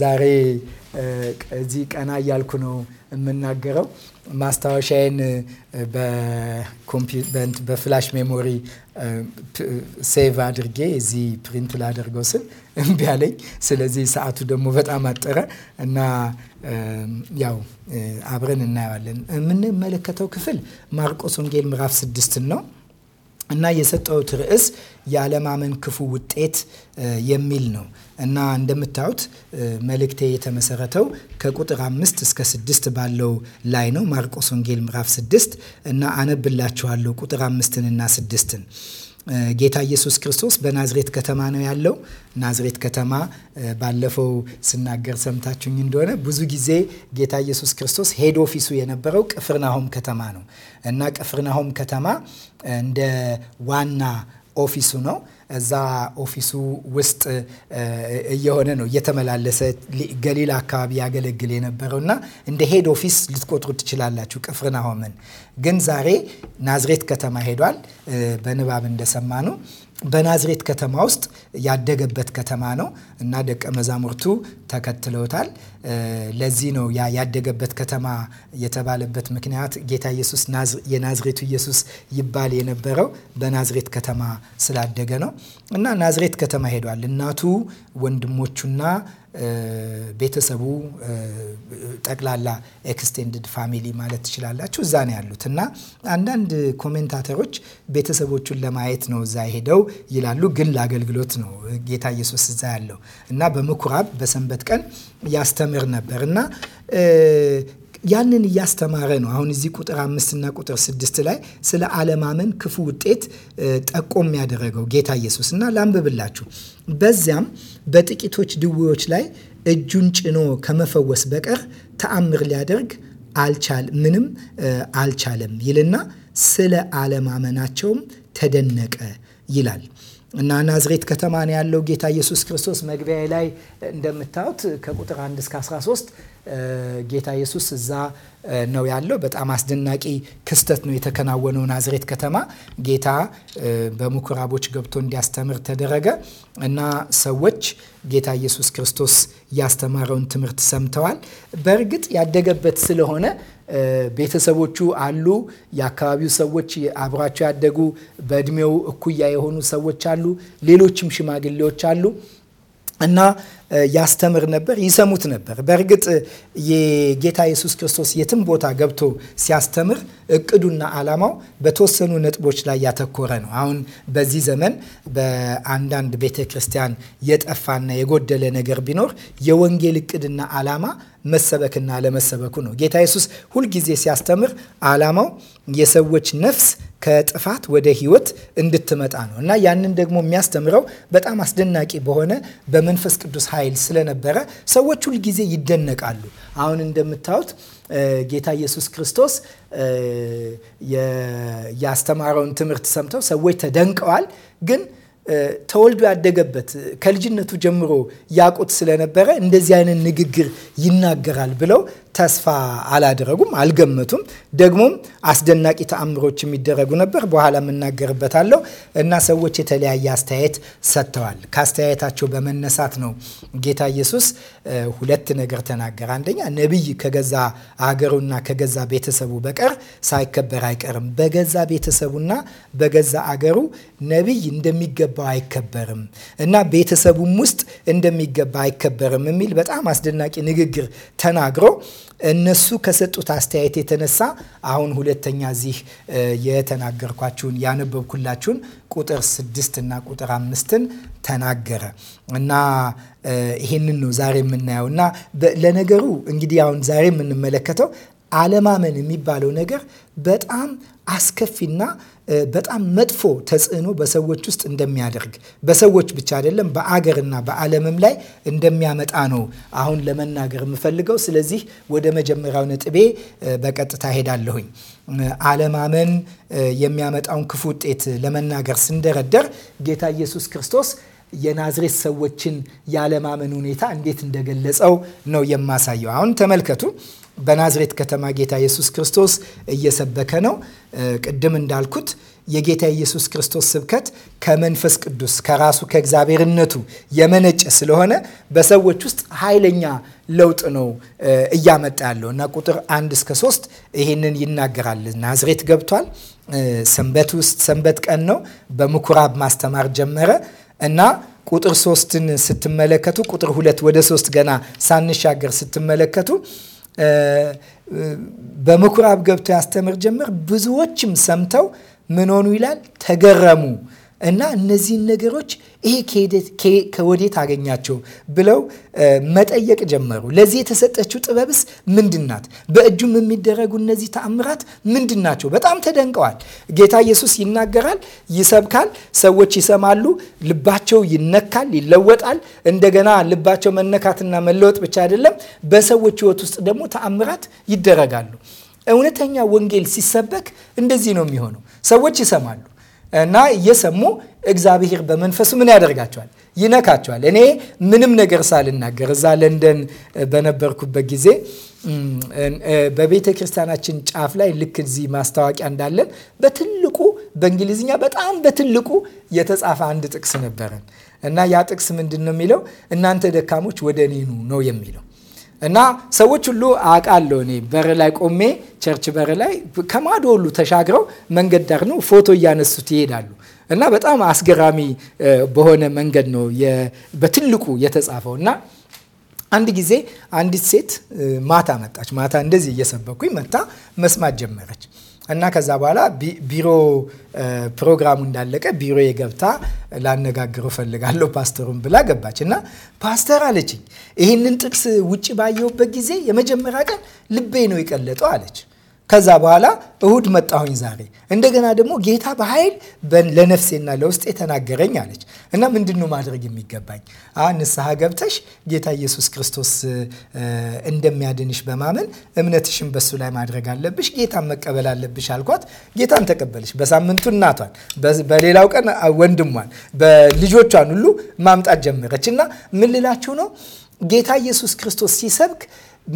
ዛሬ እዚህ ቀና እያልኩ ነው የምናገረው። ማስታወሻዬን በፍላሽ ሜሞሪ ሴቭ አድርጌ እዚህ ፕሪንት ላደርገው ስል እምቢ አለኝ። ስለዚህ ሰዓቱ ደግሞ በጣም አጠረ እና ያው አብረን እናየዋለን። የምንመለከተው ክፍል ማርቆስ ወንጌል ምዕራፍ ስድስትን ነው። እና የሰጠሁት ርዕስ የአለማመን ክፉ ውጤት የሚል ነው እና እንደምታዩት መልእክቴ የተመሰረተው ከቁጥር አምስት እስከ ስድስት ባለው ላይ ነው። ማርቆስ ወንጌል ምዕራፍ ስድስት እና አነብላችኋለሁ ቁጥር አምስትንና ስድስትን ጌታ ኢየሱስ ክርስቶስ በናዝሬት ከተማ ነው ያለው። ናዝሬት ከተማ ባለፈው ስናገር ሰምታችሁኝ እንደሆነ ብዙ ጊዜ ጌታ ኢየሱስ ክርስቶስ ሄድ ኦፊሱ የነበረው ቅፍርናሆም ከተማ ነው እና ቅፍርናሆም ከተማ እንደ ዋና ኦፊሱ ነው። እዛ ኦፊሱ ውስጥ እየሆነ ነው እየተመላለሰ ገሊላ አካባቢ ያገለግል የነበረው እና እንደ ሄድ ኦፊስ ልትቆጥሩ ትችላላችሁ ቅፍርናሆምን። ግን ዛሬ ናዝሬት ከተማ ሄዷል። በንባብ እንደሰማ ነው። በናዝሬት ከተማ ውስጥ ያደገበት ከተማ ነው እና ደቀ መዛሙርቱ ተከትለውታል። ለዚህ ነው ያ ያደገበት ከተማ የተባለበት ምክንያት ጌታ ኢየሱስ የናዝሬቱ ኢየሱስ ይባል የነበረው በናዝሬት ከተማ ስላደገ ነው እና ናዝሬት ከተማ ሄዷል። እናቱ ወንድሞቹና ቤተሰቡ ጠቅላላ ኤክስቴንድድ ፋሚሊ ማለት ትችላላችሁ። እዛ ነው ያሉት እና አንዳንድ ኮሜንታተሮች ቤተሰቦቹን ለማየት ነው እዛ ሄደው ይላሉ። ግን ለአገልግሎት ነው ጌታ ኢየሱስ እዛ ያለው እና በምኩራብ በሰንበት ቀን ያስተምር ነበር እና ያንን እያስተማረ ነው። አሁን እዚህ ቁጥር አምስትና ቁጥር ስድስት ላይ ስለ አለማመን ክፉ ውጤት ጠቆም ያደረገው ጌታ ኢየሱስ እና ላንብብላችሁ። በዚያም በጥቂቶች ድውዮች ላይ እጁን ጭኖ ከመፈወስ በቀር ተአምር ሊያደርግ አልቻል ምንም አልቻለም ይልና ስለ አለማመናቸውም ተደነቀ ይላል። እና ናዝሬት ከተማ ነው ያለው ጌታ ኢየሱስ ክርስቶስ። መግቢያ ላይ እንደምታዩት ከቁጥር 1 እስከ 13 ጌታ ኢየሱስ እዛ ነው ያለው። በጣም አስደናቂ ክስተት ነው የተከናወነው። ናዝሬት ከተማ ጌታ በምኩራቦች ገብቶ እንዲያስተምር ተደረገ እና ሰዎች ጌታ ኢየሱስ ክርስቶስ ያስተማረውን ትምህርት ሰምተዋል። በእርግጥ ያደገበት ስለሆነ ቤተሰቦቹ አሉ። የአካባቢው ሰዎች አብሯቸው ያደጉ በእድሜው እኩያ የሆኑ ሰዎች አሉ። ሌሎችም ሽማግሌዎች አሉ እና ያስተምር ነበር፣ ይሰሙት ነበር። በእርግጥ የጌታ ኢየሱስ ክርስቶስ የትም ቦታ ገብቶ ሲያስተምር እቅዱና ዓላማው በተወሰኑ ነጥቦች ላይ ያተኮረ ነው። አሁን በዚህ ዘመን በአንዳንድ ቤተ ክርስቲያን የጠፋና የጎደለ ነገር ቢኖር የወንጌል እቅድና ዓላማ መሰበክና ለመሰበኩ ነው። ጌታ ኢየሱስ ሁልጊዜ ሲያስተምር ዓላማው የሰዎች ነፍስ ከጥፋት ወደ ሕይወት እንድትመጣ ነው እና ያንን ደግሞ የሚያስተምረው በጣም አስደናቂ በሆነ በመንፈስ ቅዱስ ኃይል ስለነበረ ሰዎች ሁልጊዜ ይደነቃሉ። አሁን እንደምታዩት ጌታ ኢየሱስ ክርስቶስ ያስተማረውን ትምህርት ሰምተው ሰዎች ተደንቀዋል ግን ተወልዶ ያደገበት ከልጅነቱ ጀምሮ ያቁት ስለነበረ እንደዚህ አይነት ንግግር ይናገራል ብለው ተስፋ አላደረጉም፣ አልገመቱም። ደግሞም አስደናቂ ተአምሮች የሚደረጉ ነበር። በኋላ የምናገርበታለሁ እና ሰዎች የተለያየ አስተያየት ሰጥተዋል። ከአስተያየታቸው በመነሳት ነው ጌታ ኢየሱስ ሁለት ነገር ተናገረ። አንደኛ ነቢይ ከገዛ አገሩና ከገዛ ቤተሰቡ በቀር ሳይከበር አይቀርም። በገዛ ቤተሰቡና በገዛ አገሩ ነቢይ እንደሚገባ እንደሚገባ አይከበርም እና ቤተሰቡም ውስጥ እንደሚገባ አይከበርም የሚል በጣም አስደናቂ ንግግር ተናግሮ እነሱ ከሰጡት አስተያየት የተነሳ አሁን ሁለተኛ እዚህ የተናገርኳችሁን ያነበብኩላችሁን ቁጥር ስድስት እና ቁጥር አምስትን ተናገረ እና ይሄንን ነው ዛሬ የምናየው እና ለነገሩ እንግዲህ አሁን ዛሬ የምንመለከተው አለማመን የሚባለው ነገር በጣም አስከፊና በጣም መጥፎ ተጽዕኖ በሰዎች ውስጥ እንደሚያደርግ በሰዎች ብቻ አይደለም በአገርና በዓለምም ላይ እንደሚያመጣ ነው አሁን ለመናገር የምፈልገው። ስለዚህ ወደ መጀመሪያው ነጥቤ በቀጥታ ሄዳለሁኝ። አለማመን የሚያመጣውን ክፉ ውጤት ለመናገር ስንደረደር ጌታ ኢየሱስ ክርስቶስ የናዝሬት ሰዎችን ያለማመን ሁኔታ እንዴት እንደገለጸው ነው የማሳየው። አሁን ተመልከቱ በናዝሬት ከተማ ጌታ ኢየሱስ ክርስቶስ እየሰበከ ነው። ቅድም እንዳልኩት የጌታ ኢየሱስ ክርስቶስ ስብከት ከመንፈስ ቅዱስ ከራሱ ከእግዚአብሔርነቱ የመነጨ ስለሆነ በሰዎች ውስጥ ኃይለኛ ለውጥ ነው እያመጣ ያለው እና ቁጥር አንድ እስከ ሶስት ይህንን ይናገራል። ናዝሬት ገብቷል። ሰንበት ውስጥ ሰንበት ቀን ነው። በምኩራብ ማስተማር ጀመረ እና ቁጥር ሶስትን ስትመለከቱ ቁጥር ሁለት ወደ ሶስት ገና ሳንሻገር ስትመለከቱ በምኩራብ ገብቶ ያስተምር ጀመር። ብዙዎችም ሰምተው ምን ሆኑ ይላል? ተገረሙ እና እነዚህን ነገሮች ይሄ ከወዴት አገኛቸው ብለው መጠየቅ ጀመሩ። ለዚህ የተሰጠችው ጥበብስ ምንድን ናት? በእጁም የሚደረጉ እነዚህ ተአምራት ምንድን ናቸው? በጣም ተደንቀዋል። ጌታ ኢየሱስ ይናገራል፣ ይሰብካል፣ ሰዎች ይሰማሉ፣ ልባቸው ይነካል፣ ይለወጣል። እንደገና ልባቸው መነካትና መለወጥ ብቻ አይደለም፣ በሰዎች ህይወት ውስጥ ደግሞ ተአምራት ይደረጋሉ። እውነተኛ ወንጌል ሲሰበክ እንደዚህ ነው የሚሆነው። ሰዎች ይሰማሉ እና እየሰሙ እግዚአብሔር በመንፈሱ ምን ያደርጋቸዋል? ይነካቸዋል። እኔ ምንም ነገር ሳልናገር እዛ ለንደን በነበርኩበት ጊዜ በቤተ ክርስቲያናችን ጫፍ ላይ ልክ እዚህ ማስታወቂያ እንዳለን በትልቁ በእንግሊዝኛ በጣም በትልቁ የተጻፈ አንድ ጥቅስ ነበረን እና ያ ጥቅስ ምንድን ነው የሚለው? እናንተ ደካሞች ወደ እኔ ኑ ነው የሚለው እና ሰዎች ሁሉ አውቃለሁ እኔ በር ላይ ቆሜ ቸርች በር ላይ ከማዶ ሁሉ ተሻግረው መንገድ ዳር ነው ፎቶ እያነሱት ይሄዳሉ። እና በጣም አስገራሚ በሆነ መንገድ ነው በትልቁ የተጻፈው እና አንድ ጊዜ አንዲት ሴት ማታ መጣች። ማታ እንደዚህ እየሰበኩኝ መታ መስማት ጀመረች። እና ከዛ በኋላ ቢሮ ፕሮግራሙ እንዳለቀ ቢሮ የገብታ ላነጋግረው ፈልጋለሁ ፓስተሩን ብላ ገባች እና ፓስተር አለችኝ፣ ይህንን ጥቅስ ውጭ ባየሁበት ጊዜ የመጀመሪያ ቀን ልቤ ነው የቀለጠው አለች። ከዛ በኋላ እሁድ መጣሁኝ ዛሬ እንደገና ደግሞ ጌታ በኃይል ለነፍሴና ለውስጤ ተናገረኝ አለች እና ምንድን ነው ማድረግ የሚገባኝ ንስሐ ገብተሽ ጌታ ኢየሱስ ክርስቶስ እንደሚያድንሽ በማመን እምነትሽን በሱ ላይ ማድረግ አለብሽ ጌታን መቀበል አለብሽ አልኳት ጌታን ተቀበለች በሳምንቱ እናቷን በሌላው ቀን ወንድሟን በልጆቿን ሁሉ ማምጣት ጀመረች እና ምን ልላችሁ ነው ጌታ ኢየሱስ ክርስቶስ ሲሰብክ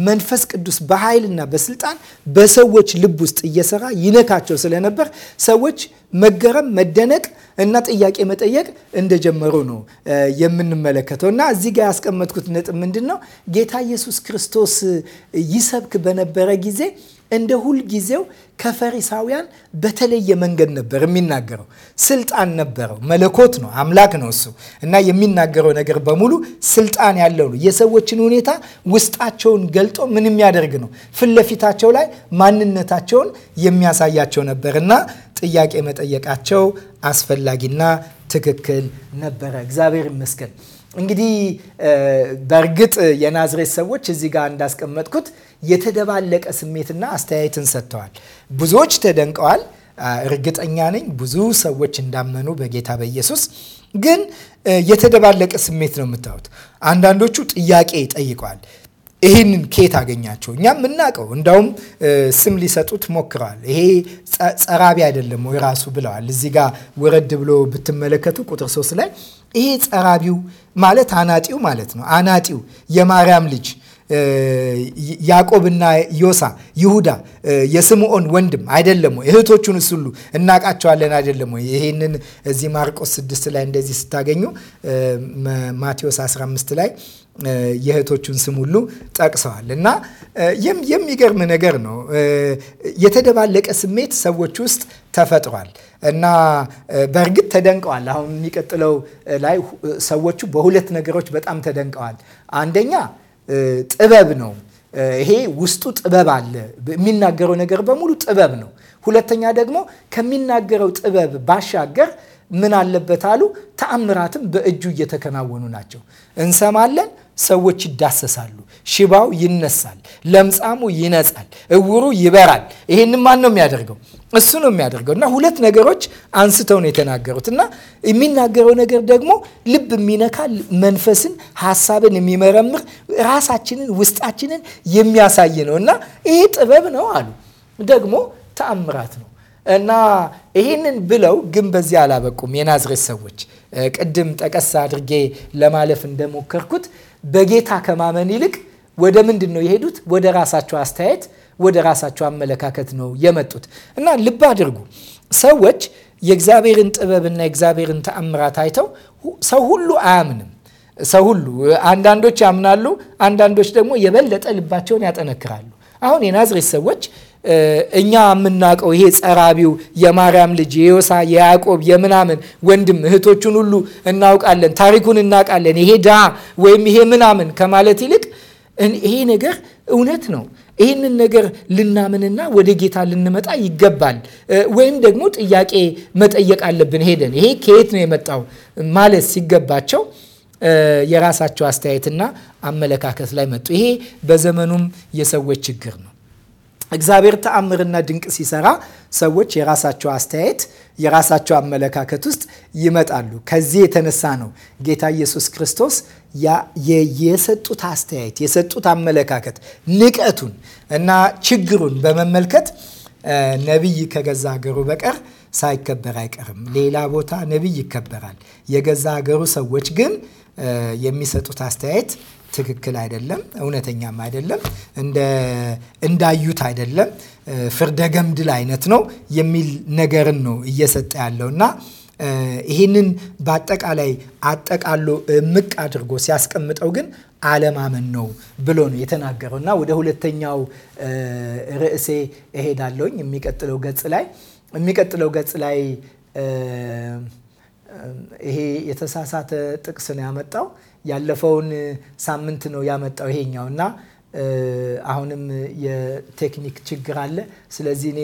መንፈስ ቅዱስ በኃይልና በስልጣን በሰዎች ልብ ውስጥ እየሰራ ይነካቸው ስለነበር ሰዎች መገረም፣ መደነቅ እና ጥያቄ መጠየቅ እንደጀመሩ ነው የምንመለከተው። እና እዚህ ጋር ያስቀመጥኩት ነጥብ ምንድን ነው? ጌታ ኢየሱስ ክርስቶስ ይሰብክ በነበረ ጊዜ እንደ ሁልጊዜው ከፈሪሳውያን በተለየ መንገድ ነበር የሚናገረው። ስልጣን ነበረው። መለኮት ነው፣ አምላክ ነው እሱ እና የሚናገረው ነገር በሙሉ ስልጣን ያለው ነው። የሰዎችን ሁኔታ ውስጣቸውን ገልጦ ምን የሚያደርግ ነው? ፊት ለፊታቸው ላይ ማንነታቸውን የሚያሳያቸው ነበር እና ጥያቄ መጠየቃቸው አስፈላጊና ትክክል ነበረ። እግዚአብሔር ይመስገን። እንግዲህ በእርግጥ የናዝሬት ሰዎች እዚህ ጋር እንዳስቀመጥኩት የተደባለቀ ስሜትና አስተያየትን ሰጥተዋል። ብዙዎች ተደንቀዋል። እርግጠኛ ነኝ ብዙ ሰዎች እንዳመኑ በጌታ በኢየሱስ ግን የተደባለቀ ስሜት ነው የምታዩት። አንዳንዶቹ ጥያቄ ጠይቀዋል። ይህንን ከየት አገኛቸው? እኛም የምናውቀው እንዳውም ስም ሊሰጡት ሞክረዋል። ይሄ ጸራቢ አይደለም ወይ ራሱ ብለዋል። እዚህ ጋር ወረድ ብሎ ብትመለከቱ ቁጥር ሶስት ላይ ይሄ ጸራቢው ማለት አናጢው ማለት ነው። አናጢው የማርያም ልጅ ያዕቆብና ዮሳ ይሁዳ የስምዖን ወንድም አይደለም ወይ? እህቶቹን ሁሉ እናውቃቸዋለን አይደለም ወይ? ይሄንን እዚህ ማርቆስ 6 ላይ እንደዚህ ስታገኙ ማቴዎስ 15 ላይ የእህቶቹን ስም ሁሉ ጠቅሰዋል። እና የሚገርም ነገር ነው። የተደባለቀ ስሜት ሰዎች ውስጥ ተፈጥሯል እና በእርግጥ ተደንቀዋል። አሁን የሚቀጥለው ላይ ሰዎቹ በሁለት ነገሮች በጣም ተደንቀዋል። አንደኛ ጥበብ ነው። ይሄ ውስጡ ጥበብ አለ። የሚናገረው ነገር በሙሉ ጥበብ ነው። ሁለተኛ ደግሞ ከሚናገረው ጥበብ ባሻገር ምን አለበት አሉ? ተአምራትም በእጁ እየተከናወኑ ናቸው። እንሰማለን፣ ሰዎች ይዳሰሳሉ፣ ሽባው ይነሳል፣ ለምጻሙ ይነጻል፣ እውሩ ይበራል። ይህን ማን ነው የሚያደርገው? እሱ ነው የሚያደርገው። እና ሁለት ነገሮች አንስተው ነው የተናገሩት። እና የሚናገረው ነገር ደግሞ ልብ የሚነካ መንፈስን፣ ሀሳብን የሚመረምር ራሳችንን፣ ውስጣችንን የሚያሳይ ነው። እና ይሄ ጥበብ ነው አሉ። ደግሞ ተአምራት ነው። እና ይህንን ብለው ግን በዚህ አላበቁም። የናዝሬት ሰዎች ቅድም ጠቀስ አድርጌ ለማለፍ እንደሞከርኩት በጌታ ከማመን ይልቅ ወደ ምንድን ነው የሄዱት? ወደ ራሳቸው አስተያየት፣ ወደ ራሳቸው አመለካከት ነው የመጡት። እና ልብ አድርጉ ሰዎች የእግዚአብሔርን ጥበብና የእግዚአብሔርን ተአምራት አይተው ሰው ሁሉ አያምንም። ሰው ሁሉ አንዳንዶች ያምናሉ፣ አንዳንዶች ደግሞ የበለጠ ልባቸውን ያጠነክራሉ። አሁን የናዝሬት ሰዎች እኛ የምናውቀው ይሄ ጸራቢው የማርያም ልጅ የዮሳ የያዕቆብ የምናምን ወንድም እህቶቹን ሁሉ እናውቃለን፣ ታሪኩን እናውቃለን። ይሄ ዳ ወይም ይሄ ምናምን ከማለት ይልቅ ይሄ ነገር እውነት ነው። ይህንን ነገር ልናምንና ወደ ጌታ ልንመጣ ይገባል። ወይም ደግሞ ጥያቄ መጠየቅ አለብን ሄደን ይሄ ከየት ነው የመጣው ማለት ሲገባቸው የራሳቸው አስተያየትና አመለካከት ላይ መጡ። ይሄ በዘመኑም የሰዎች ችግር ነው። እግዚአብሔር ተአምርና ድንቅ ሲሰራ ሰዎች የራሳቸው አስተያየት፣ የራሳቸው አመለካከት ውስጥ ይመጣሉ። ከዚህ የተነሳ ነው ጌታ ኢየሱስ ክርስቶስ የሰጡት አስተያየት የሰጡት አመለካከት ንቀቱን እና ችግሩን በመመልከት ነቢይ ከገዛ ሀገሩ በቀር ሳይከበር አይቀርም። ሌላ ቦታ ነቢይ ይከበራል። የገዛ ሀገሩ ሰዎች ግን የሚሰጡት አስተያየት ትክክል አይደለም፣ እውነተኛም አይደለም፣ እንዳዩት አይደለም፣ ፍርደ ገምድል አይነት ነው የሚል ነገርን ነው እየሰጠ ያለው እና ይህንን በአጠቃላይ አጠቃሎ እምቅ አድርጎ ሲያስቀምጠው ግን አለማመን ነው ብሎ ነው የተናገረው እና ወደ ሁለተኛው ርዕሴ እሄዳለሁኝ። የሚቀጥለው ገጽ ላይ የሚቀጥለው ገጽ ላይ ይሄ የተሳሳተ ጥቅስ ነው ያመጣው ያለፈውን ሳምንት ነው ያመጣው ይሄኛው እና አሁንም የቴክኒክ ችግር አለ። ስለዚህ እኔ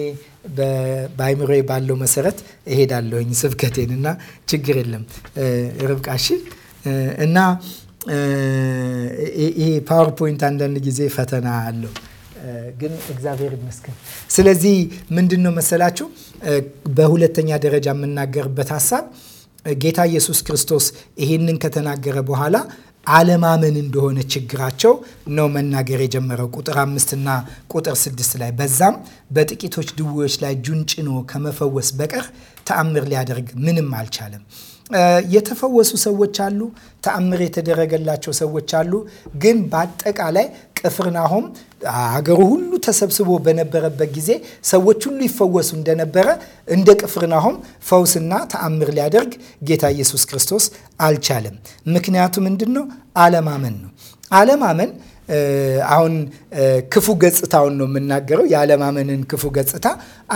በአይምሮ ባለው መሰረት እሄዳለሁኝ ስብከቴን እና ችግር የለም ርብቃሺ እና ይሄ ፓወርፖይንት አንዳንድ ጊዜ ፈተና አለው ግን እግዚአብሔር ይመስገን። ስለዚህ ምንድን ነው መሰላችሁ በሁለተኛ ደረጃ የምናገርበት ሀሳብ ጌታ ኢየሱስ ክርስቶስ ይህንን ከተናገረ በኋላ አለማመን እንደሆነ ችግራቸው ነው መናገር የጀመረው። ቁጥር አምስትና ቁጥር ስድስት ላይ በዛም በጥቂቶች ድዌዎች ላይ እጁን ጭኖ ከመፈወስ በቀር ተአምር ሊያደርግ ምንም አልቻለም። የተፈወሱ ሰዎች አሉ። ተአምር የተደረገላቸው ሰዎች አሉ። ግን በአጠቃላይ ቅፍርናሆም ሀገሩ ሁሉ ተሰብስቦ በነበረበት ጊዜ ሰዎች ሁሉ ይፈወሱ እንደነበረ እንደ ቅፍርናሆም ፈውስና ተአምር ሊያደርግ ጌታ ኢየሱስ ክርስቶስ አልቻለም። ምክንያቱ ምንድን ነው? አለማመን ነው። አለማመን አሁን ክፉ ገጽታውን ነው የምናገረው፣ የአለማመንን ክፉ ገጽታ።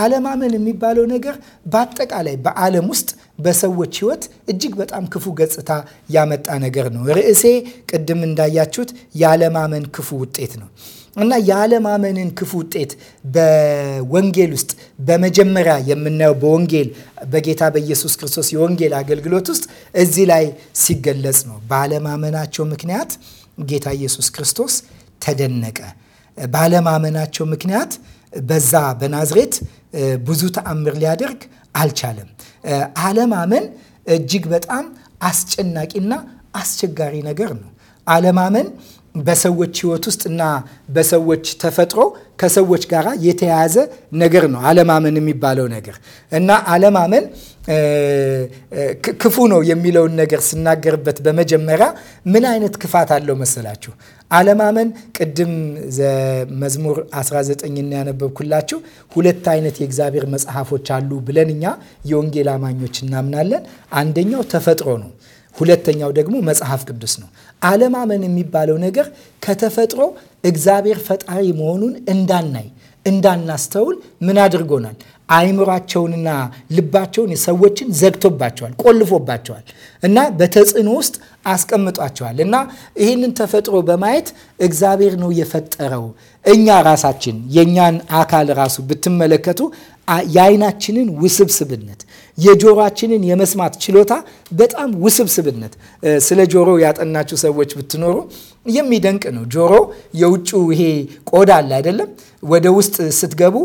አለማመን የሚባለው ነገር በአጠቃላይ በዓለም ውስጥ በሰዎች ሕይወት እጅግ በጣም ክፉ ገጽታ ያመጣ ነገር ነው። ርዕሴ ቅድም እንዳያችሁት የአለማመን ክፉ ውጤት ነው እና የአለማመንን ክፉ ውጤት በወንጌል ውስጥ በመጀመሪያ የምናየው በወንጌል በጌታ በኢየሱስ ክርስቶስ የወንጌል አገልግሎት ውስጥ እዚህ ላይ ሲገለጽ ነው። በአለማመናቸው ምክንያት ጌታ ኢየሱስ ክርስቶስ ተደነቀ። ባለማመናቸው ምክንያት በዛ በናዝሬት ብዙ ተአምር ሊያደርግ አልቻለም። አለማመን እጅግ በጣም አስጨናቂና አስቸጋሪ ነገር ነው። አለማመን በሰዎች ህይወት ውስጥ እና በሰዎች ተፈጥሮ ከሰዎች ጋር የተያያዘ ነገር ነው አለማመን የሚባለው ነገር እና አለማመን ክፉ ነው የሚለውን ነገር ስናገርበት በመጀመሪያ ምን አይነት ክፋት አለው መሰላችሁ? አለማመን ቅድም መዝሙር 19ና ያነበብኩላችሁ ሁለት አይነት የእግዚአብሔር መጽሐፎች አሉ ብለን እኛ የወንጌል አማኞች እናምናለን። አንደኛው ተፈጥሮ ነው ሁለተኛው ደግሞ መጽሐፍ ቅዱስ ነው። አለማመን የሚባለው ነገር ከተፈጥሮ እግዚአብሔር ፈጣሪ መሆኑን እንዳናይ እንዳናስተውል ምን አድርጎናል? አይምሯቸውንና ልባቸውን ሰዎችን ዘግቶባቸዋል፣ ቆልፎባቸዋል እና በተጽዕኖ ውስጥ አስቀምጧቸዋል እና ይህንን ተፈጥሮ በማየት እግዚአብሔር ነው የፈጠረው። እኛ ራሳችን የእኛን አካል ራሱ ብትመለከቱ የአይናችንን ውስብስብነት፣ የጆሯችንን የመስማት ችሎታ በጣም ውስብስብነት ስለ ጆሮ ያጠናችሁ ሰዎች ብትኖሩ የሚደንቅ ነው። ጆሮ የውጭው ይሄ ቆዳ አለ አይደለም? ወደ ውስጥ ስትገቡ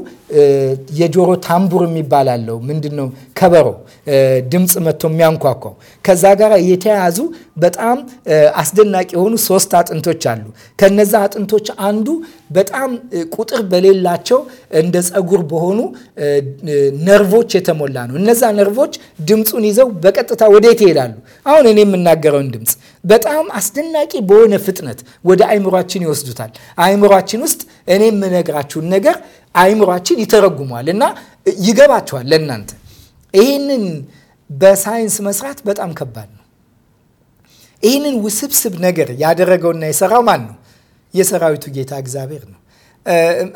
የጆሮ ታምቡር የሚባል አለው። ምንድን ነው? ከበሮ ድምፅ መጥቶ የሚያንኳኳው ከዛ ጋር የተያያዙ በጣም አስደናቂ የሆኑ ሶስት አጥንቶች አሉ። ከነዛ አጥንቶች አንዱ በጣም ቁጥር በሌላቸው እንደ ጸጉር በሆኑ ነርቮች የተሞላ ነው። እነዛ ነርቮች ድምፁን ይዘው በቀጥታ ወደ ወዴት ይሄዳሉ? አሁን እኔ የምናገረውን ድምፅ በጣም አስደናቂ በሆነ ፍጥነት ወደ አይምሯችን ይወስዱታል። አይምሯችን ውስጥ እኔ የምነግራችሁን ነገር አይምሯችን ይተረጉመዋል እና ይገባችኋል ለእናንተ። ይህንን በሳይንስ መስራት በጣም ከባድ ነው። ይህንን ውስብስብ ነገር ያደረገውና የሰራው ማን ነው? የሰራዊቱ ጌታ እግዚአብሔር ነው።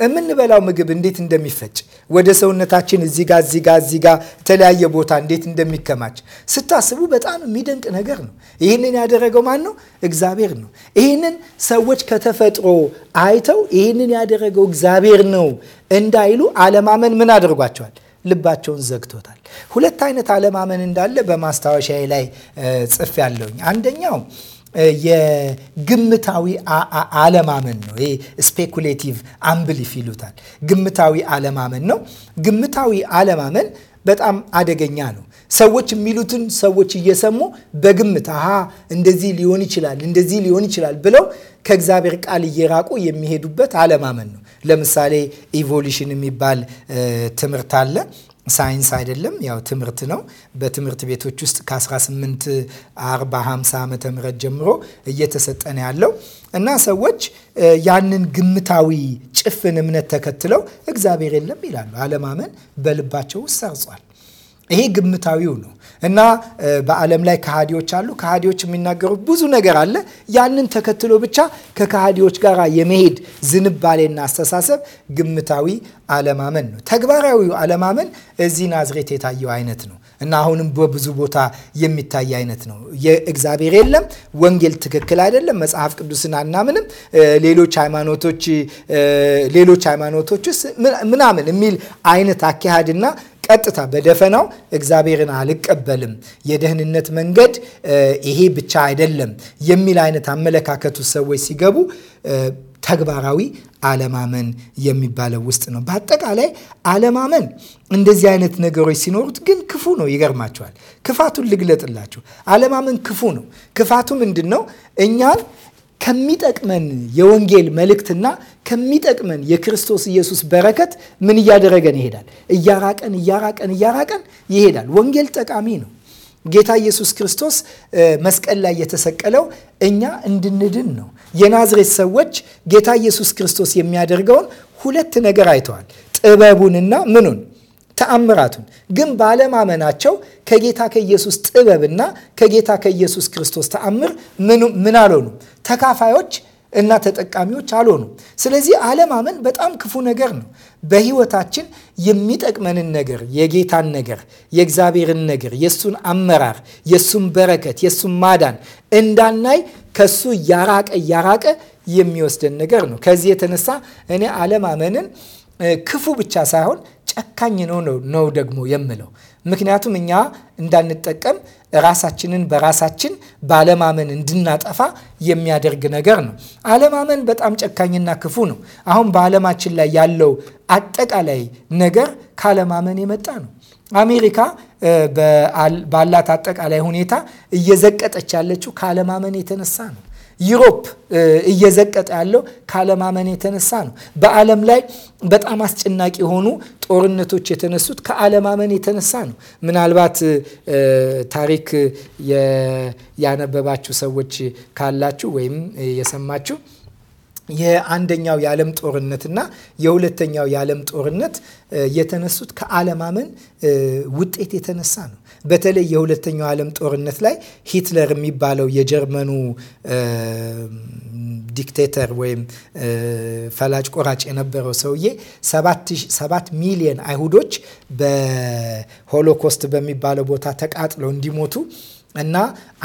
የምንበላው ምግብ እንዴት እንደሚፈጭ ወደ ሰውነታችን እዚህ እዚጋ እዚህ ጋ እዚህ የተለያየ ቦታ እንዴት እንደሚከማች ስታስቡ በጣም የሚደንቅ ነገር ነው። ይህንን ያደረገው ማን ነው? እግዚአብሔር ነው። ይህንን ሰዎች ከተፈጥሮ አይተው ይህንን ያደረገው እግዚአብሔር ነው እንዳይሉ አለማመን ምን አድርጓቸዋል? ልባቸውን ዘግቶታል። ሁለት አይነት አለማመን እንዳለ በማስታወሻዬ ላይ ጽፌ ያለውኝ አንደኛው የግምታዊ አለማመን ነው። ይሄ ስፔኩሌቲቭ አምብሊፍ ይሉታል። ግምታዊ አለማመን ነው። ግምታዊ አለማመን በጣም አደገኛ ነው። ሰዎች የሚሉትን ሰዎች እየሰሙ በግምት አሃ እንደዚህ ሊሆን ይችላል፣ እንደዚህ ሊሆን ይችላል ብለው ከእግዚአብሔር ቃል እየራቁ የሚሄዱበት አለማመን ነው። ለምሳሌ ኢቮሉሽን የሚባል ትምህርት አለ። ሳይንስ አይደለም፣ ያው ትምህርት ነው። በትምህርት ቤቶች ውስጥ ከ1840 50 ዓመተ ምህረት ጀምሮ እየተሰጠን ያለው እና ሰዎች ያንን ግምታዊ ጭፍን እምነት ተከትለው እግዚአብሔር የለም ይላሉ። አለማመን በልባቸው ውስጥ ሰርጿል። ይሄ ግምታዊው ነው። እና በዓለም ላይ ከሃዲዎች አሉ። ከሃዲዎች የሚናገሩ ብዙ ነገር አለ። ያንን ተከትሎ ብቻ ከከሃዲዎች ጋር የመሄድ ዝንባሌና አስተሳሰብ ግምታዊ አለማመን ነው። ተግባራዊው አለማመን እዚህ ናዝሬት የታየው አይነት ነው እና አሁንም በብዙ ቦታ የሚታይ አይነት ነው። የእግዚአብሔር የለም፣ ወንጌል ትክክል አይደለም፣ መጽሐፍ ቅዱስን አናምንም፣ ሌሎች ሃይማኖቶች ሌሎች ሃይማኖቶች ምናምን የሚል አይነት አካሄድና ቀጥታ በደፈናው እግዚአብሔርን አልቀበልም፣ የደህንነት መንገድ ይሄ ብቻ አይደለም የሚል አይነት አመለካከቱ ሰዎች ሲገቡ ተግባራዊ አለማመን የሚባለው ውስጥ ነው። በአጠቃላይ አለማመን እንደዚህ አይነት ነገሮች ሲኖሩት ግን ክፉ ነው። ይገርማቸዋል። ክፋቱን ልግለጥላችሁ። አለማመን ክፉ ነው። ክፋቱ ምንድን ነው? እኛን ከሚጠቅመን የወንጌል መልእክትና ከሚጠቅመን የክርስቶስ ኢየሱስ በረከት ምን እያደረገን ይሄዳል? እያራቀን እያራቀን እያራቀን ይሄዳል። ወንጌል ጠቃሚ ነው። ጌታ ኢየሱስ ክርስቶስ መስቀል ላይ የተሰቀለው እኛ እንድንድን ነው። የናዝሬት ሰዎች ጌታ ኢየሱስ ክርስቶስ የሚያደርገውን ሁለት ነገር አይተዋል። ጥበቡንና ምኑን ተአምራቱን ግን ባለማመናቸው ከጌታ ከኢየሱስ ጥበብና ከጌታ ከኢየሱስ ክርስቶስ ተአምር ምን አልሆኑ ተካፋዮች እና ተጠቃሚዎች አልሆኑ። ስለዚህ አለማመን በጣም ክፉ ነገር ነው። በህይወታችን የሚጠቅመንን ነገር የጌታን ነገር የእግዚአብሔርን ነገር የእሱን አመራር የእሱን በረከት የእሱን ማዳን እንዳናይ ከሱ እያራቀ እያራቀ የሚወስደን ነገር ነው። ከዚህ የተነሳ እኔ አለማመንን ክፉ ብቻ ሳይሆን ጨካኝ ነው ነው ደግሞ የምለው። ምክንያቱም እኛ እንዳንጠቀም ራሳችንን በራሳችን ባለማመን እንድናጠፋ የሚያደርግ ነገር ነው። አለማመን በጣም ጨካኝና ክፉ ነው። አሁን በዓለማችን ላይ ያለው አጠቃላይ ነገር ካለማመን የመጣ ነው። አሜሪካ ባላት አጠቃላይ ሁኔታ እየዘቀጠች ያለችው ካለማመን የተነሳ ነው። ዩሮፕ እየዘቀጠ ያለው ካለማመን የተነሳ ነው። በዓለም ላይ በጣም አስጨናቂ የሆኑ ጦርነቶች የተነሱት ከአለማመን የተነሳ ነው። ምናልባት ታሪክ ያነበባችሁ ሰዎች ካላችሁ ወይም የሰማችሁ የአንደኛው የዓለም ጦርነትና የሁለተኛው የዓለም ጦርነት የተነሱት ከአለማመን ውጤት የተነሳ ነው። በተለይ የሁለተኛው ዓለም ጦርነት ላይ ሂትለር የሚባለው የጀርመኑ ዲክቴተር ወይም ፈላጭ ቆራጭ የነበረው ሰውዬ ሰባት ሚሊየን አይሁዶች በሆሎኮስት በሚባለው ቦታ ተቃጥለው እንዲሞቱ እና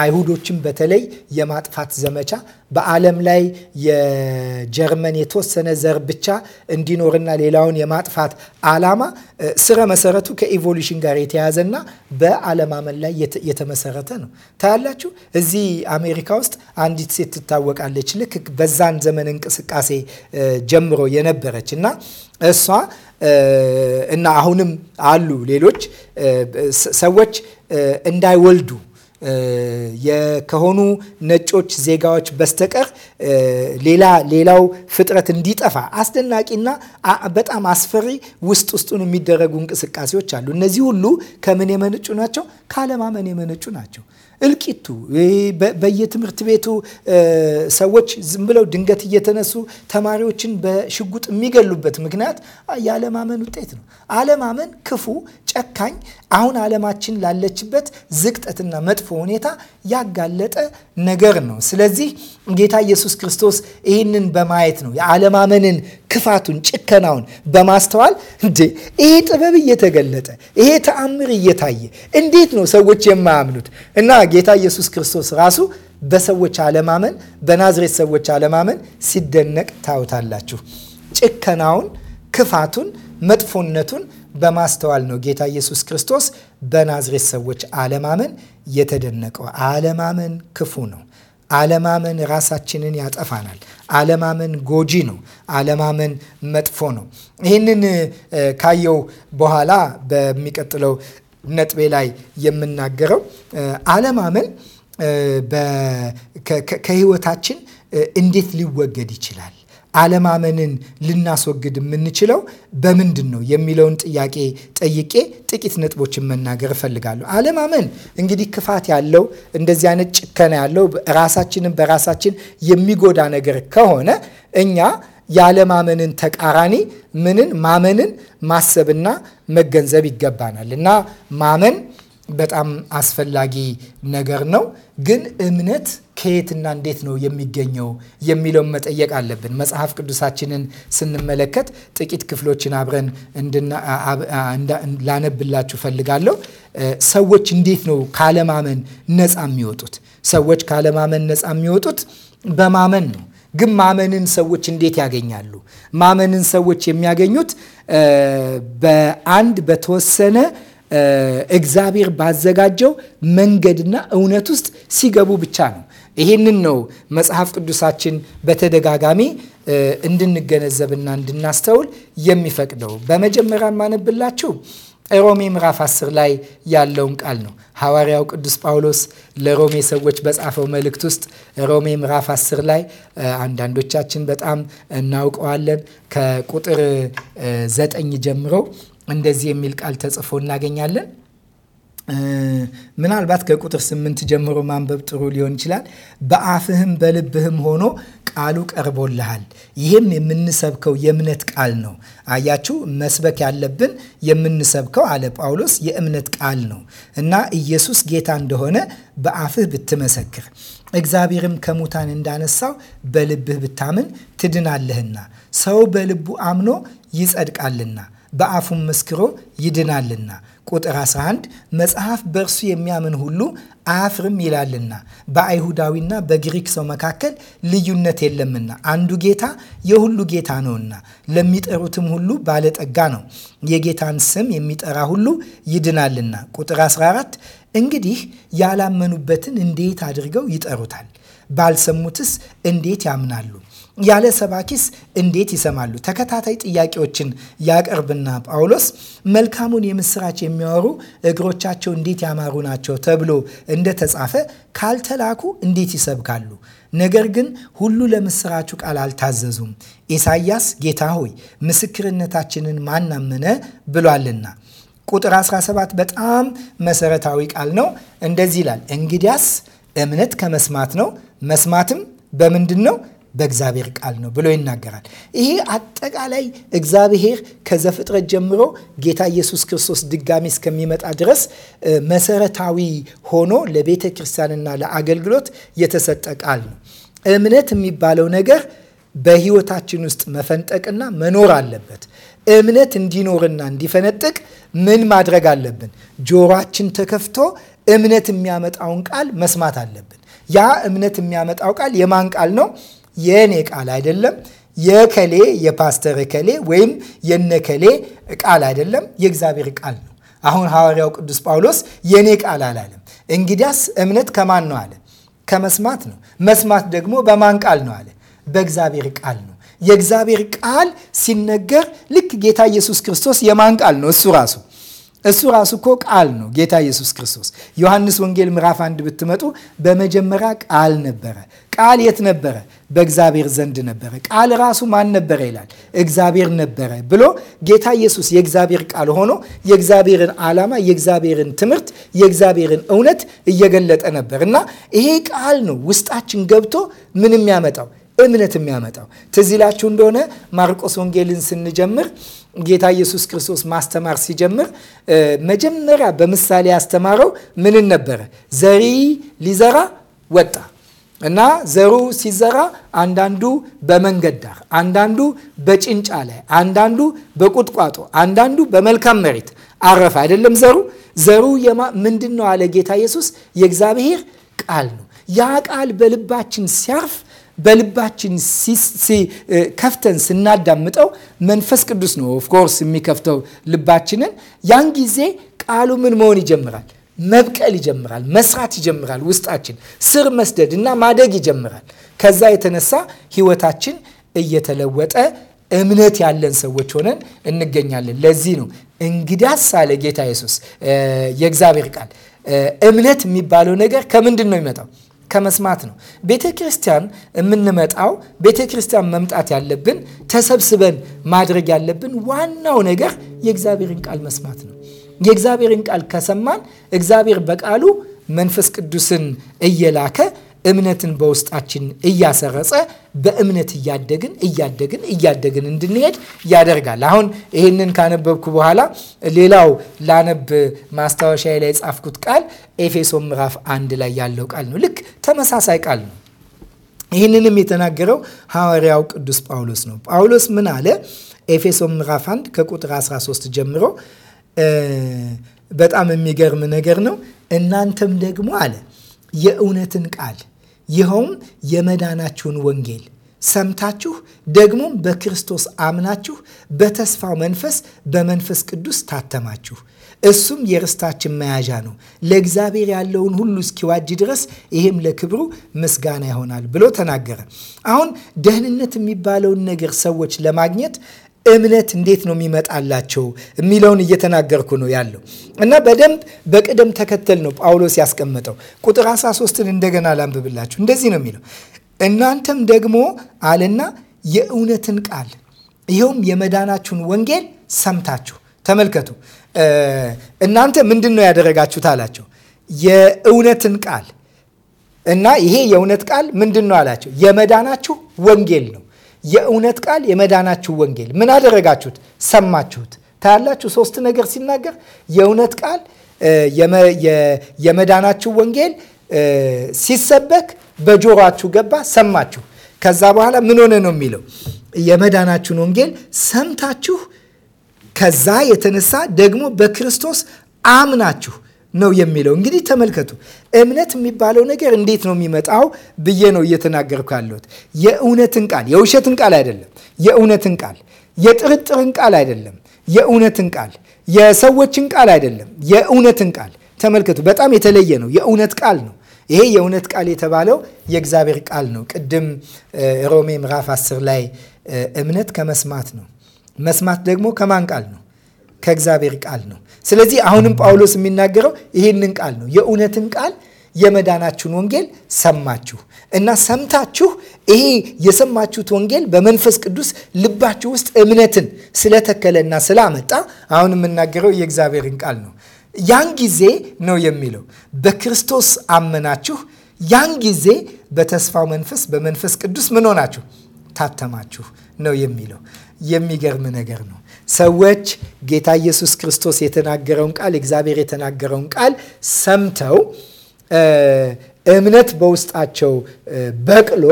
አይሁዶችን በተለይ የማጥፋት ዘመቻ በዓለም ላይ የጀርመን የተወሰነ ዘር ብቻ እንዲኖርና ሌላውን የማጥፋት ዓላማ ስረ መሰረቱ ከኢቮሉሽን ጋር የተያዘና በአለማመን ላይ የተመሰረተ ነው። ታያላችሁ፣ እዚህ አሜሪካ ውስጥ አንዲት ሴት ትታወቃለች። ልክ በዛን ዘመን እንቅስቃሴ ጀምሮ የነበረች እና እሷ እና አሁንም አሉ ሌሎች ሰዎች እንዳይወልዱ ከሆኑ ነጮች ዜጋዎች በስተቀር ሌላ ሌላው ፍጥረት እንዲጠፋ አስደናቂና በጣም አስፈሪ ውስጥ ውስጡን የሚደረጉ እንቅስቃሴዎች አሉ። እነዚህ ሁሉ ከምን የመነጩ ናቸው? ካለማመን የመነጩ ናቸው። እልቂቱ በየትምህርት ቤቱ ሰዎች ዝም ብለው ድንገት እየተነሱ ተማሪዎችን በሽጉጥ የሚገሉበት ምክንያት የአለማመን ውጤት ነው። አለማመን ክፉ ጨካኝ አሁን ዓለማችን ላለችበት ዝቅጠትና መጥፎ ሁኔታ ያጋለጠ ነገር ነው። ስለዚህ ጌታ ኢየሱስ ክርስቶስ ይህንን በማየት ነው የአለማመንን ክፋቱን፣ ጭከናውን በማስተዋል እንዴ ይሄ ጥበብ እየተገለጠ ይሄ ተአምር እየታየ እንዴት ነው ሰዎች የማያምኑት? እና ጌታ ኢየሱስ ክርስቶስ ራሱ በሰዎች አለማመን፣ በናዝሬት ሰዎች አለማመን ሲደነቅ ታውታላችሁ ጭከናውን፣ ክፋቱን፣ መጥፎነቱን በማስተዋል ነው ጌታ ኢየሱስ ክርስቶስ በናዝሬት ሰዎች አለማመን የተደነቀው። አለማመን ክፉ ነው። አለማመን ራሳችንን ያጠፋናል። አለማመን ጎጂ ነው። አለማመን መጥፎ ነው። ይህንን ካየው በኋላ በሚቀጥለው ነጥቤ ላይ የምናገረው አለማመን ከህይወታችን እንዴት ሊወገድ ይችላል አለማመንን ልናስወግድ የምንችለው በምንድን ነው የሚለውን ጥያቄ ጠይቄ ጥቂት ነጥቦችን መናገር እፈልጋለሁ። አለማመን እንግዲህ ክፋት ያለው እንደዚህ አይነት ጭከና ያለው ራሳችንን በራሳችን የሚጎዳ ነገር ከሆነ እኛ የአለማመንን ተቃራኒ ምንን ማመንን ማሰብና መገንዘብ ይገባናል እና ማመን በጣም አስፈላጊ ነገር ነው ግን እምነት ከየትና እንዴት ነው የሚገኘው የሚለውን መጠየቅ አለብን። መጽሐፍ ቅዱሳችንን ስንመለከት ጥቂት ክፍሎችን አብረን ላነብላችሁ ፈልጋለሁ። ሰዎች እንዴት ነው ካለማመን ነፃ የሚወጡት? ሰዎች ካለማመን ነፃ የሚወጡት በማመን ነው። ግን ማመንን ሰዎች እንዴት ያገኛሉ? ማመንን ሰዎች የሚያገኙት በአንድ በተወሰነ እግዚአብሔር ባዘጋጀው መንገድና እውነት ውስጥ ሲገቡ ብቻ ነው። ይሄንን ነው መጽሐፍ ቅዱሳችን በተደጋጋሚ እንድንገነዘብና እንድናስተውል የሚፈቅደው። በመጀመሪያ ማነብላችሁ ሮሜ ምዕራፍ 10 ላይ ያለውን ቃል ነው። ሐዋርያው ቅዱስ ጳውሎስ ለሮሜ ሰዎች በጻፈው መልእክት ውስጥ ሮሜ ምዕራፍ 10 ላይ አንዳንዶቻችን በጣም እናውቀዋለን። ከቁጥር ዘጠኝ ጀምሮ እንደዚህ የሚል ቃል ተጽፎ እናገኛለን። ምናልባት ከቁጥር ስምንት ጀምሮ ማንበብ ጥሩ ሊሆን ይችላል። በአፍህም በልብህም ሆኖ ቃሉ ቀርቦልሃል። ይህም የምንሰብከው የእምነት ቃል ነው። አያችሁ፣ መስበክ ያለብን የምንሰብከው አለ ጳውሎስ የእምነት ቃል ነው እና ኢየሱስ ጌታ እንደሆነ በአፍህ ብትመሰክር እግዚአብሔርም ከሙታን እንዳነሳው በልብህ ብታምን ትድናለህና ሰው በልቡ አምኖ ይጸድቃልና በአፉም መስክሮ ይድናልና ቁጥር 11 መጽሐፍ በእርሱ የሚያምን ሁሉ አያፍርም ይላልና በአይሁዳዊና በግሪክ ሰው መካከል ልዩነት የለምና አንዱ ጌታ የሁሉ ጌታ ነውና ለሚጠሩትም ሁሉ ባለጠጋ ነው። የጌታን ስም የሚጠራ ሁሉ ይድናልና። ቁጥር 14 እንግዲህ ያላመኑበትን እንዴት አድርገው ይጠሩታል? ባልሰሙትስ እንዴት ያምናሉ? ያለ ሰባኪስ እንዴት ይሰማሉ? ተከታታይ ጥያቄዎችን ያቀርብና ጳውሎስ መልካሙን የምስራች የሚያወሩ እግሮቻቸው እንዴት ያማሩ ናቸው ተብሎ እንደተጻፈ ካልተላኩ እንዴት ይሰብካሉ? ነገር ግን ሁሉ ለምስራቹ ቃል አልታዘዙም። ኢሳይያስ ጌታ ሆይ ምስክርነታችንን ማናመነ ብሏልና። ቁጥር 17 በጣም መሰረታዊ ቃል ነው። እንደዚህ ይላል፣ እንግዲያስ እምነት ከመስማት ነው፣ መስማትም በምንድን ነው? በእግዚአብሔር ቃል ነው ብሎ ይናገራል። ይሄ አጠቃላይ እግዚአብሔር ከዘፍጥረት ጀምሮ ጌታ ኢየሱስ ክርስቶስ ድጋሚ እስከሚመጣ ድረስ መሰረታዊ ሆኖ ለቤተ ክርስቲያንና ለአገልግሎት የተሰጠ ቃል ነው። እምነት የሚባለው ነገር በህይወታችን ውስጥ መፈንጠቅና መኖር አለበት። እምነት እንዲኖርና እንዲፈነጥቅ ምን ማድረግ አለብን? ጆሯችን ተከፍቶ እምነት የሚያመጣውን ቃል መስማት አለብን። ያ እምነት የሚያመጣው ቃል የማን ቃል ነው? የእኔ ቃል አይደለም የከሌ የፓስተር ከሌ ወይም የነከሌ ቃል አይደለም፣ የእግዚአብሔር ቃል ነው። አሁን ሐዋርያው ቅዱስ ጳውሎስ የእኔ ቃል አላለም። እንግዲያስ እምነት ከማን ነው አለ? ከመስማት ነው። መስማት ደግሞ በማን ቃል ነው አለ? በእግዚአብሔር ቃል ነው። የእግዚአብሔር ቃል ሲነገር ልክ ጌታ ኢየሱስ ክርስቶስ የማን ቃል ነው? እሱ ራሱ እሱ ራሱ እኮ ቃል ነው፣ ጌታ ኢየሱስ ክርስቶስ። ዮሐንስ ወንጌል ምዕራፍ አንድ ብትመጡ በመጀመሪያ ቃል ነበረ። ቃል የት ነበረ? በእግዚአብሔር ዘንድ ነበረ። ቃል ራሱ ማን ነበረ ይላል? እግዚአብሔር ነበረ ብሎ ጌታ ኢየሱስ የእግዚአብሔር ቃል ሆኖ የእግዚአብሔርን ዓላማ፣ የእግዚአብሔርን ትምህርት፣ የእግዚአብሔርን እውነት እየገለጠ ነበር እና ይሄ ቃል ነው ውስጣችን ገብቶ ምን የሚያመጣው እምነት የሚያመጣው። ትዝ ይላችሁ እንደሆነ ማርቆስ ወንጌልን ስንጀምር ጌታ ኢየሱስ ክርስቶስ ማስተማር ሲጀምር መጀመሪያ በምሳሌ ያስተማረው ምንን ነበረ? ዘሪ ሊዘራ ወጣ እና ዘሩ ሲዘራ አንዳንዱ በመንገድ ዳር፣ አንዳንዱ በጭንጫ ላይ፣ አንዳንዱ በቁጥቋጦ፣ አንዳንዱ በመልካም መሬት አረፈ። አይደለም ዘሩ ዘሩ ምንድን ነው አለ ጌታ ኢየሱስ። የእግዚአብሔር ቃል ነው። ያ ቃል በልባችን ሲያርፍ በልባችን ከፍተን ስናዳምጠው መንፈስ ቅዱስ ነው ኦፍኮርስ የሚከፍተው ልባችንን። ያን ጊዜ ቃሉ ምን መሆን ይጀምራል? መብቀል ይጀምራል፣ መስራት ይጀምራል። ውስጣችን ስር መስደድ እና ማደግ ይጀምራል። ከዛ የተነሳ ህይወታችን እየተለወጠ እምነት ያለን ሰዎች ሆነን እንገኛለን። ለዚህ ነው እንግዳስ አለ ጌታ ኢየሱስ የእግዚአብሔር ቃል እምነት የሚባለው ነገር ከምንድን ነው የሚመጣው? ከመስማት ነው። ቤተ ክርስቲያን የምንመጣው ቤተ ክርስቲያን መምጣት ያለብን ተሰብስበን ማድረግ ያለብን ዋናው ነገር የእግዚአብሔርን ቃል መስማት ነው። የእግዚአብሔርን ቃል ከሰማን እግዚአብሔር በቃሉ መንፈስ ቅዱስን እየላከ እምነትን በውስጣችን እያሰረጸ በእምነት እያደግን እያደግን እያደግን እንድንሄድ ያደርጋል። አሁን ይህንን ካነበብኩ በኋላ ሌላው ላነብ ማስታወሻ ላይ የጻፍኩት ቃል ኤፌሶን ምዕራፍ አንድ ላይ ያለው ቃል ነው። ልክ ተመሳሳይ ቃል ነው። ይህንንም የተናገረው ሐዋርያው ቅዱስ ጳውሎስ ነው። ጳውሎስ ምን አለ? ኤፌሶን ምዕራፍ 1 ከቁጥር 13 ጀምሮ በጣም የሚገርም ነገር ነው። እናንተም ደግሞ አለ የእውነትን ቃል ይኸውም የመዳናችሁን ወንጌል ሰምታችሁ ደግሞም በክርስቶስ አምናችሁ በተስፋው መንፈስ በመንፈስ ቅዱስ ታተማችሁ። እሱም የርስታችን መያዣ ነው፣ ለእግዚአብሔር ያለውን ሁሉ እስኪዋጅ ድረስ ይህም ለክብሩ ምስጋና ይሆናል ብሎ ተናገረ። አሁን ደህንነት የሚባለውን ነገር ሰዎች ለማግኘት እምነት እንዴት ነው የሚመጣላቸው የሚለውን እየተናገርኩ ነው ያለው እና በደንብ በቅደም ተከተል ነው ጳውሎስ ያስቀመጠው። ቁጥር 13ን እንደገና ላንብብላችሁ። እንደዚህ ነው የሚለው እናንተም ደግሞ አለና የእውነትን ቃል ይኸውም የመዳናችሁን ወንጌል ሰምታችሁ ተመልከቱ። እናንተ ምንድን ነው ያደረጋችሁት አላቸው። የእውነትን ቃል እና ይሄ የእውነት ቃል ምንድን ነው አላቸው። የመዳናችሁ ወንጌል ነው። የእውነት ቃል የመዳናችሁ ወንጌል ምን አደረጋችሁት? ሰማችሁት። ታያላችሁ፣ ሶስት ነገር ሲናገር የእውነት ቃል የመዳናችሁ ወንጌል ሲሰበክ በጆሯችሁ ገባ፣ ሰማችሁ። ከዛ በኋላ ምን ሆነ ነው የሚለው የመዳናችሁን ወንጌል ሰምታችሁ ከዛ የተነሳ ደግሞ በክርስቶስ አምናችሁ ነው የሚለው። እንግዲህ ተመልከቱ እምነት የሚባለው ነገር እንዴት ነው የሚመጣው ብዬ ነው እየተናገርኩ ያለሁት። የእውነትን ቃል የውሸትን ቃል አይደለም። የእውነትን ቃል የጥርጥርን ቃል አይደለም። የእውነትን ቃል የሰዎችን ቃል አይደለም። የእውነትን ቃል ተመልከቱ። በጣም የተለየ ነው። የእውነት ቃል ነው። ይሄ የእውነት ቃል የተባለው የእግዚአብሔር ቃል ነው። ቅድም ሮሜ ምዕራፍ 10 ላይ እምነት ከመስማት ነው። መስማት ደግሞ ከማን ቃል ነው? ከእግዚአብሔር ቃል ነው። ስለዚህ አሁንም ጳውሎስ የሚናገረው ይህንን ቃል ነው። የእውነትን ቃል የመዳናችሁን ወንጌል ሰማችሁ እና ሰምታችሁ ይሄ የሰማችሁት ወንጌል በመንፈስ ቅዱስ ልባችሁ ውስጥ እምነትን ስለተከለና ስላመጣ አሁን የምናገረው የእግዚአብሔርን ቃል ነው። ያን ጊዜ ነው የሚለው በክርስቶስ አመናችሁ፣ ያን ጊዜ በተስፋው መንፈስ በመንፈስ ቅዱስ ምን ሆናችሁ ታተማችሁ ነው የሚለው። የሚገርም ነገር ነው። ሰዎች ጌታ ኢየሱስ ክርስቶስ የተናገረውን ቃል እግዚአብሔር የተናገረውን ቃል ሰምተው እምነት በውስጣቸው በቅሎ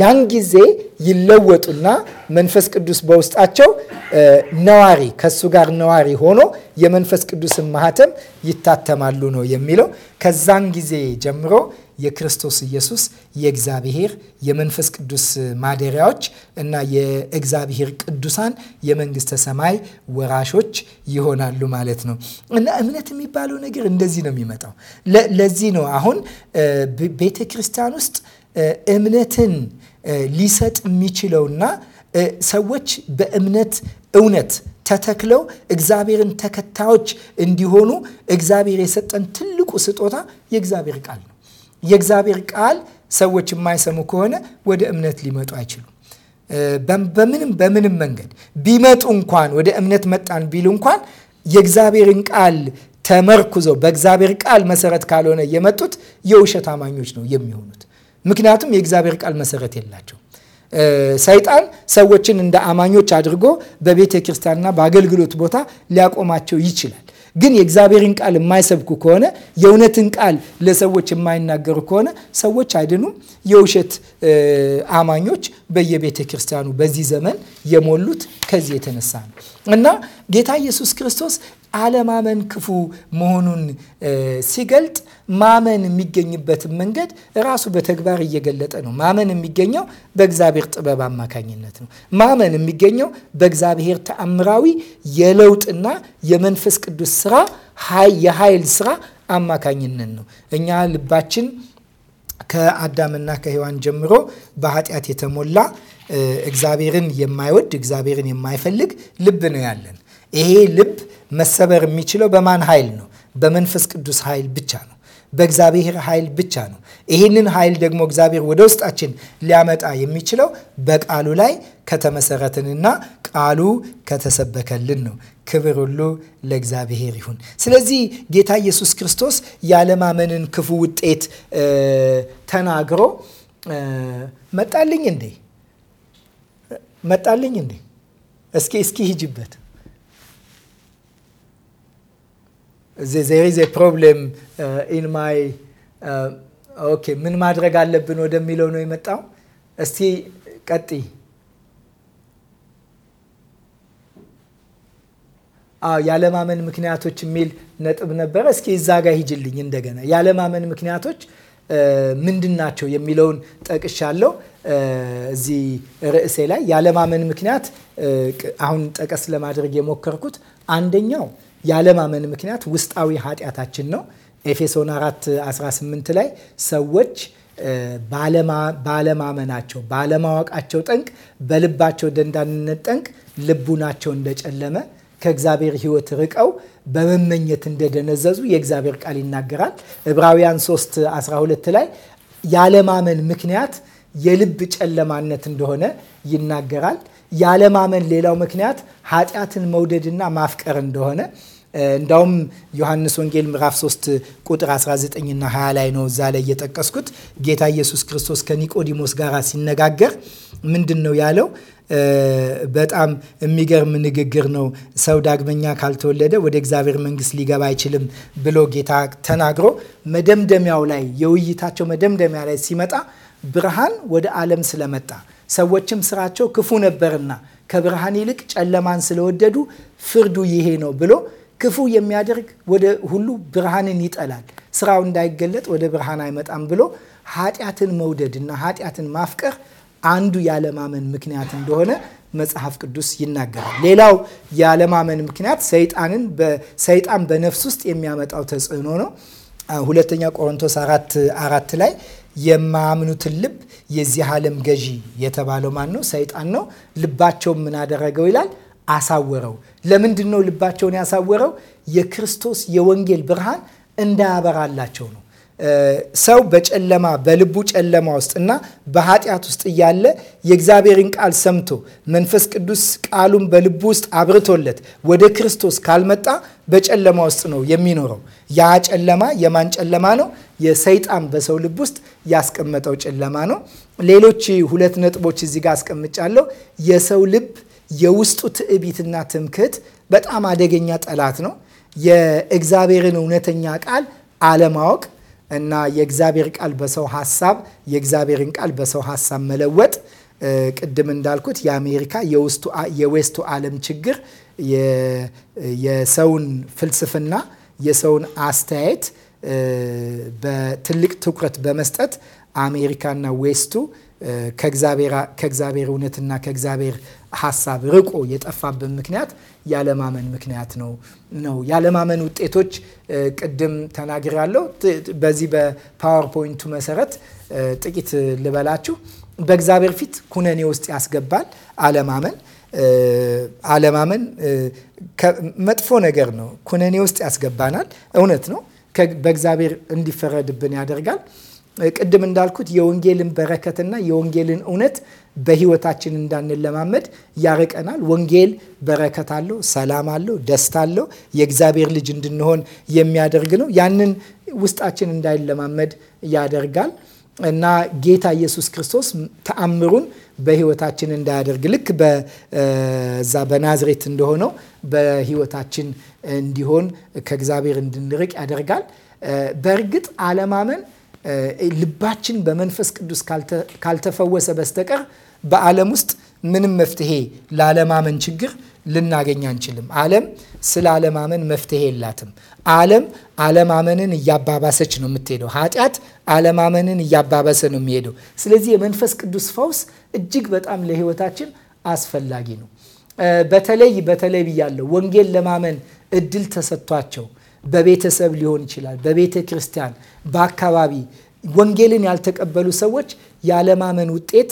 ያን ጊዜ ይለወጡና መንፈስ ቅዱስ በውስጣቸው ነዋሪ ከሱ ጋር ነዋሪ ሆኖ የመንፈስ ቅዱስን ማህተም ይታተማሉ ነው የሚለው። ከዛን ጊዜ ጀምሮ የክርስቶስ ኢየሱስ የእግዚአብሔር የመንፈስ ቅዱስ ማደሪያዎች እና የእግዚአብሔር ቅዱሳን የመንግስተ ሰማይ ወራሾች ይሆናሉ ማለት ነው። እና እምነት የሚባለው ነገር እንደዚህ ነው የሚመጣው። ለዚህ ነው አሁን ቤተ ክርስቲያን ውስጥ እምነትን ሊሰጥ የሚችለውና ሰዎች በእምነት እውነት ተተክለው እግዚአብሔርን ተከታዮች እንዲሆኑ እግዚአብሔር የሰጠን ትልቁ ስጦታ የእግዚአብሔር ቃል ነው። የእግዚአብሔር ቃል ሰዎች የማይሰሙ ከሆነ ወደ እምነት ሊመጡ አይችሉም። በምንም በምንም መንገድ ቢመጡ እንኳን ወደ እምነት መጣን ቢሉ እንኳን የእግዚአብሔርን ቃል ተመርኩዘው በእግዚአብሔር ቃል መሰረት ካልሆነ የመጡት የውሸት አማኞች ነው የሚሆኑት። ምክንያቱም የእግዚአብሔር ቃል መሰረት የላቸው። ሰይጣን ሰዎችን እንደ አማኞች አድርጎ በቤተ ክርስቲያንና በአገልግሎት ቦታ ሊያቆማቸው ይችላል። ግን የእግዚአብሔርን ቃል የማይሰብኩ ከሆነ የእውነትን ቃል ለሰዎች የማይናገሩ ከሆነ ሰዎች አይድኑም። የውሸት አማኞች በየቤተ ክርስቲያኑ በዚህ ዘመን የሞሉት ከዚህ የተነሳ ነው እና ጌታ ኢየሱስ ክርስቶስ አለማመን ክፉ መሆኑን ሲገልጥ ማመን የሚገኝበትን መንገድ ራሱ በተግባር እየገለጠ ነው። ማመን የሚገኘው በእግዚአብሔር ጥበብ አማካኝነት ነው። ማመን የሚገኘው በእግዚአብሔር ተአምራዊ የለውጥና የመንፈስ ቅዱስ ስራ የኃይል ስራ አማካኝነት ነው። እኛ ልባችን ከአዳምና ከሔዋን ጀምሮ በኃጢአት የተሞላ እግዚአብሔርን የማይወድ እግዚአብሔርን የማይፈልግ ልብ ነው ያለን። ይሄ ልብ መሰበር የሚችለው በማን ኃይል ነው? በመንፈስ ቅዱስ ኃይል ብቻ ነው። በእግዚአብሔር ኃይል ብቻ ነው። ይህንን ኃይል ደግሞ እግዚአብሔር ወደ ውስጣችን ሊያመጣ የሚችለው በቃሉ ላይ ከተመሰረትንና ቃሉ ከተሰበከልን ነው። ክብር ሁሉ ለእግዚአብሔር ይሁን። ስለዚህ ጌታ ኢየሱስ ክርስቶስ ያለማመንን ክፉ ውጤት ተናግሮ መጣልኝ እንዴ መጣልኝ እንዴ እስኪ እስኪ ሂጅበት there is a problem uh, in ኦኬ uh, ምን ማድረግ አለብን ወደሚለው ነው የመጣው። እስቲ ቀጥይ። አዎ ያለማመን ምክንያቶች የሚል ነጥብ ነበረ። እስኪ እዛ ጋር ሂጅልኝ እንደገና። ያለማመን ምክንያቶች uh, ምንድን ናቸው የሚለውን ጠቅሻለሁ እዚህ ርዕሴ ላይ። ያለማመን ምክንያት አሁን ጠቀስ ለማድረግ የሞከርኩት አንደኛው ያለማመን ምክንያት ውስጣዊ ኃጢአታችን ነው። ኤፌሶን 4 18 ላይ ሰዎች ባለማመናቸው፣ ባለማወቃቸው ጠንቅ፣ በልባቸው ደንዳንነት ጠንቅ ልቡናቸው እንደጨለመ ከእግዚአብሔር ሕይወት ርቀው በመመኘት እንደደነዘዙ የእግዚአብሔር ቃል ይናገራል። ዕብራውያን 3 12 ላይ ያለማመን ምክንያት የልብ ጨለማነት እንደሆነ ይናገራል። ያለማመን ሌላው ምክንያት ኃጢአትን መውደድና ማፍቀር እንደሆነ እንዳውም ዮሐንስ ወንጌል ምዕራፍ 3 ቁጥር 19 እና 20 ላይ ነው እዛ ላይ እየጠቀስኩት ጌታ ኢየሱስ ክርስቶስ ከኒቆዲሞስ ጋር ሲነጋገር ምንድን ነው ያለው? በጣም የሚገርም ንግግር ነው። ሰው ዳግመኛ ካልተወለደ ወደ እግዚአብሔር መንግስት ሊገባ አይችልም ብሎ ጌታ ተናግሮ መደምደሚያው ላይ የውይይታቸው መደምደሚያ ላይ ሲመጣ ብርሃን ወደ ዓለም ስለመጣ ሰዎችም ስራቸው ክፉ ነበርና ከብርሃን ይልቅ ጨለማን ስለወደዱ ፍርዱ ይሄ ነው ብሎ ክፉ የሚያደርግ ወደ ሁሉ ብርሃንን ይጠላል፣ ስራው እንዳይገለጥ ወደ ብርሃን አይመጣም ብሎ ኃጢአትን መውደድ እና ኃጢአትን ማፍቀር አንዱ ያለማመን ምክንያት እንደሆነ መጽሐፍ ቅዱስ ይናገራል። ሌላው ያለማመን ምክንያት ሰይጣንን ሰይጣን በነፍስ ውስጥ የሚያመጣው ተጽዕኖ ነው። ሁለተኛ ቆሮንቶስ አራት አራት ላይ የማያምኑትን ልብ የዚህ ዓለም ገዢ የተባለው ማን ነው? ሰይጣን ነው። ልባቸውን ምን አደረገው ይላል? አሳወረው። ለምንድን ነው ልባቸውን ያሳወረው? የክርስቶስ የወንጌል ብርሃን እንዳያበራላቸው ነው። ሰው በጨለማ በልቡ ጨለማ ውስጥ እና በኃጢአት ውስጥ እያለ የእግዚአብሔርን ቃል ሰምቶ መንፈስ ቅዱስ ቃሉን በልቡ ውስጥ አብርቶለት ወደ ክርስቶስ ካልመጣ በጨለማ ውስጥ ነው የሚኖረው። ያ ጨለማ የማን ጨለማ ነው? የሰይጣን በሰው ልብ ውስጥ ያስቀመጠው ጨለማ ነው። ሌሎች ሁለት ነጥቦች እዚህ ጋር አስቀምጫለሁ። የሰው ልብ የውስጡ ትዕቢትና ትምክህት በጣም አደገኛ ጠላት ነው። የእግዚአብሔርን እውነተኛ ቃል አለማወቅ እና የእግዚአብሔር ቃል በሰው ሀሳብ የእግዚአብሔርን ቃል በሰው ሀሳብ መለወጥ ቅድም እንዳልኩት የአሜሪካ የዌስቱ ዓለም ችግር የሰውን ፍልስፍና የሰውን አስተያየት በትልቅ ትኩረት በመስጠት አሜሪካና ዌስቱ ከእግዚአብሔር እውነትና ከእግዚአብሔር ሀሳብ ርቆ የጠፋብን ምክንያት ያለማመን ምክንያት ነው ነው ያለማመን ውጤቶች ቅድም ተናግራለሁ። በዚህ በፓወርፖይንቱ መሰረት ጥቂት ልበላችሁ። በእግዚአብሔር ፊት ኩነኔ ውስጥ ያስገባል አለማመን። አለማመን መጥፎ ነገር ነው። ኩነኔ ውስጥ ያስገባናል። እውነት ነው። በእግዚአብሔር እንዲፈረድብን ያደርጋል። ቅድም እንዳልኩት የወንጌልን በረከትና የወንጌልን እውነት በህይወታችን እንዳንለማመድ ያርቀናል። ወንጌል በረከት አለው፣ ሰላም አለው፣ ደስታ አለው። የእግዚአብሔር ልጅ እንድንሆን የሚያደርግ ነው። ያንን ውስጣችን እንዳይለማመድ ያደርጋል እና ጌታ ኢየሱስ ክርስቶስ ተአምሩን በህይወታችን እንዳያደርግ ልክ በዛ በናዝሬት እንደሆነው በህይወታችን እንዲሆን ከእግዚአብሔር እንድንርቅ ያደርጋል። በእርግጥ አለማመን ልባችን በመንፈስ ቅዱስ ካልተፈወሰ በስተቀር በዓለም ውስጥ ምንም መፍትሄ ላለማመን ችግር ልናገኝ አንችልም። ዓለም ስለ አለማመን መፍትሄ የላትም። ዓለም አለማመንን እያባባሰች ነው የምትሄደው። ኃጢአት አለማመንን እያባባሰ ነው የሚሄደው። ስለዚህ የመንፈስ ቅዱስ ፈውስ እጅግ በጣም ለሕይወታችን አስፈላጊ ነው። በተለይ በተለይ ብያለሁ ወንጌል ለማመን እድል ተሰጥቷቸው በቤተሰብ ሊሆን ይችላል፣ በቤተ ክርስቲያን፣ በአካባቢ ወንጌልን ያልተቀበሉ ሰዎች ያለማመን ውጤት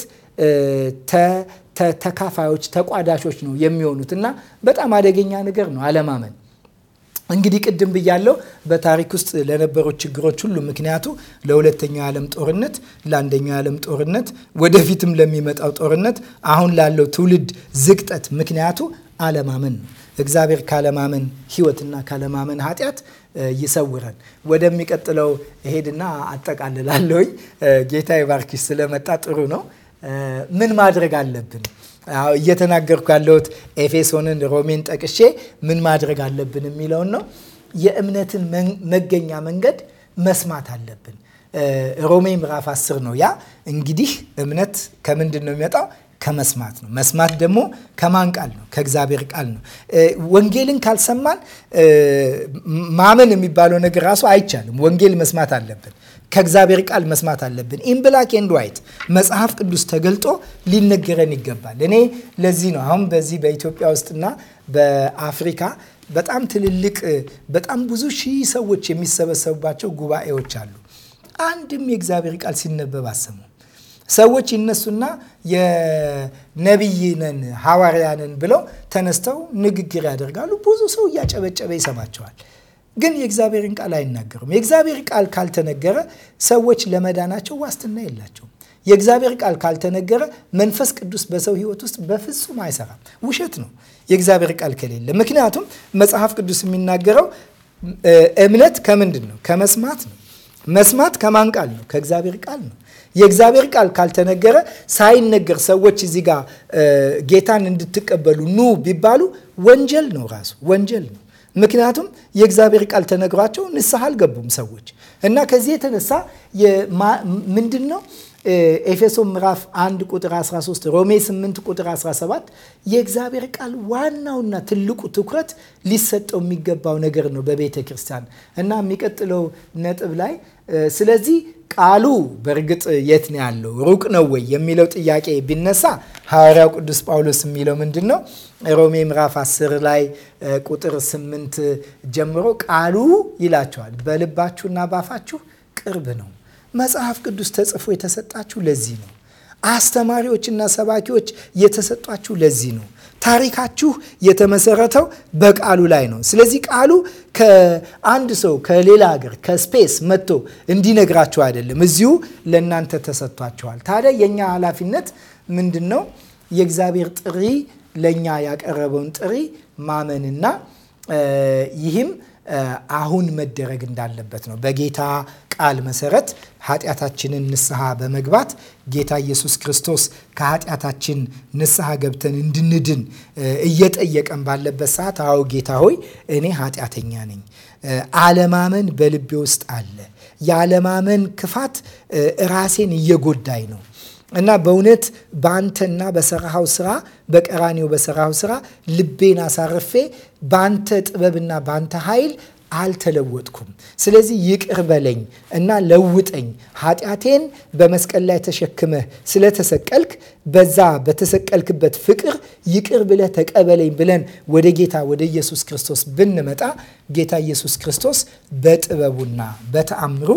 ተካፋዮች፣ ተቋዳሾች ነው የሚሆኑት እና በጣም አደገኛ ነገር ነው አለማመን። እንግዲህ ቅድም ብያለው በታሪክ ውስጥ ለነበሩ ችግሮች ሁሉ ምክንያቱ ለሁለተኛው የዓለም ጦርነት፣ ለአንደኛው የዓለም ጦርነት፣ ወደፊትም ለሚመጣው ጦርነት፣ አሁን ላለው ትውልድ ዝቅጠት ምክንያቱ አለማመን ነው። እግዚአብሔር ካለማመን ህይወትና ካለማመን ኃጢአት ይሰውረን። ወደሚቀጥለው ሄድና አጠቃልላለሁኝ። ጌታ ይባርክሽ። ስለመጣ ጥሩ ነው። ምን ማድረግ አለብን? እየተናገርኩ ያለሁት ኤፌሶንን፣ ሮሜን ጠቅሼ ምን ማድረግ አለብን የሚለውን ነው። የእምነትን መገኛ መንገድ መስማት አለብን። ሮሜ ምዕራፍ 10 ነው ያ። እንግዲህ እምነት ከምንድን ነው የሚመጣው? ከመስማት ነው። መስማት ደግሞ ከማን ቃል ነው? ከእግዚአብሔር ቃል ነው። ወንጌልን ካልሰማን ማመን የሚባለው ነገር ራሱ አይቻልም። ወንጌል መስማት አለብን። ከእግዚአብሔር ቃል መስማት አለብን። ኢን ብላክ ኤንድ ዋይት መጽሐፍ ቅዱስ ተገልጦ ሊነገረን ይገባል። እኔ ለዚህ ነው አሁን በዚህ በኢትዮጵያ ውስጥና በአፍሪካ በጣም ትልልቅ በጣም ብዙ ሺህ ሰዎች የሚሰበሰቡባቸው ጉባኤዎች አሉ። አንድም የእግዚአብሔር ቃል ሲነበብ አሰሙ ሰዎች ይነሱና የነቢይ ነን ሐዋርያ ነን ብለው ተነስተው ንግግር ያደርጋሉ። ብዙ ሰው እያጨበጨበ ይሰማቸዋል። ግን የእግዚአብሔርን ቃል አይናገሩም። የእግዚአብሔር ቃል ካልተነገረ ሰዎች ለመዳናቸው ዋስትና የላቸውም። የእግዚአብሔር ቃል ካልተነገረ መንፈስ ቅዱስ በሰው ሕይወት ውስጥ በፍጹም አይሰራም። ውሸት ነው የእግዚአብሔር ቃል ከሌለ። ምክንያቱም መጽሐፍ ቅዱስ የሚናገረው እምነት ከምንድን ነው? ከመስማት ነው። መስማት ከማን ቃል ነው? ከእግዚአብሔር ቃል ነው። የእግዚአብሔር ቃል ካልተነገረ ሳይነገር ሰዎች እዚህ ጋር ጌታን እንድትቀበሉ ኑ ቢባሉ ወንጀል ነው፣ ራሱ ወንጀል ነው። ምክንያቱም የእግዚአብሔር ቃል ተነግሯቸው ንስሐ አልገቡም ሰዎች እና ከዚህ የተነሳ ምንድን ነው ኤፌሶን ምዕራፍ 1 ቁጥር 13፣ ሮሜ 8 ቁጥር 17 የእግዚአብሔር ቃል ዋናውና ትልቁ ትኩረት ሊሰጠው የሚገባው ነገር ነው በቤተ ክርስቲያን እና የሚቀጥለው ነጥብ ላይ ስለዚህ ቃሉ በእርግጥ የት ነው ያለው? ሩቅ ነው ወይ የሚለው ጥያቄ ቢነሳ ሐዋርያው ቅዱስ ጳውሎስ የሚለው ምንድን ነው? ሮሜ ምዕራፍ 10 ላይ ቁጥር 8 ጀምሮ ቃሉ ይላቸዋል፣ በልባችሁና ባፋችሁ ቅርብ ነው መጽሐፍ ቅዱስ ተጽፎ የተሰጣችሁ ለዚህ ነው። አስተማሪዎችና ሰባኪዎች የተሰጧችሁ ለዚህ ነው። ታሪካችሁ የተመሰረተው በቃሉ ላይ ነው። ስለዚህ ቃሉ ከአንድ ሰው ከሌላ ሀገር ከስፔስ መጥቶ እንዲነግራችሁ አይደለም፣ እዚሁ ለእናንተ ተሰጥቷችኋል። ታዲያ የእኛ ኃላፊነት ምንድን ነው? የእግዚአብሔር ጥሪ ለእኛ ያቀረበውን ጥሪ ማመንና ይህም አሁን መደረግ እንዳለበት ነው። በጌታ ቃል መሰረት ኃጢአታችንን ንስሐ በመግባት ጌታ ኢየሱስ ክርስቶስ ከኃጢአታችን ንስሐ ገብተን እንድንድን እየጠየቀን ባለበት ሰዓት አዎ ጌታ ሆይ እኔ ኃጢአተኛ ነኝ። አለማመን በልቤ ውስጥ አለ። የአለማመን ክፋት ራሴን እየጎዳኝ ነው እና በእውነት በአንተና በሰራሃው ስራ በቀራኒው በሰራሃው ስራ ልቤን አሳርፌ በአንተ ጥበብና በአንተ ኃይል አልተለወጥኩም። ስለዚህ ይቅር በለኝ እና ለውጠኝ። ኃጢአቴን በመስቀል ላይ ተሸክመህ ስለተሰቀልክ በዛ በተሰቀልክበት ፍቅር ይቅር ብለህ ተቀበለኝ ብለን ወደ ጌታ ወደ ኢየሱስ ክርስቶስ ብንመጣ ጌታ ኢየሱስ ክርስቶስ በጥበቡና በተአምሩ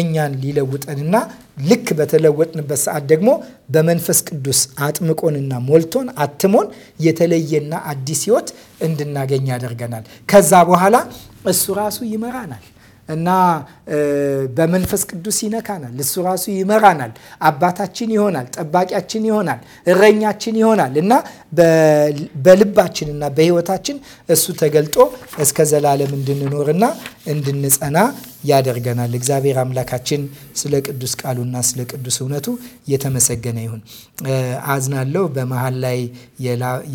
እኛን ሊለውጠንና ልክ በተለወጥንበት ሰዓት ደግሞ በመንፈስ ቅዱስ አጥምቆንና ሞልቶን አትሞን የተለየና አዲስ ህይወት እንድናገኝ ያደርገናል። ከዛ በኋላ እሱ ራሱ ይመራናል እና በመንፈስ ቅዱስ ይነካናል። እሱ ራሱ ይመራናል፣ አባታችን ይሆናል፣ ጠባቂያችን ይሆናል፣ እረኛችን ይሆናል እና በልባችንና በሕይወታችን እሱ ተገልጦ እስከ ዘላለም እንድንኖርና እንድንጸና ያደርገናል። እግዚአብሔር አምላካችን ስለ ቅዱስ ቃሉና ስለ ቅዱስ እውነቱ የተመሰገነ ይሁን። አዝናለሁ በመሀል ላይ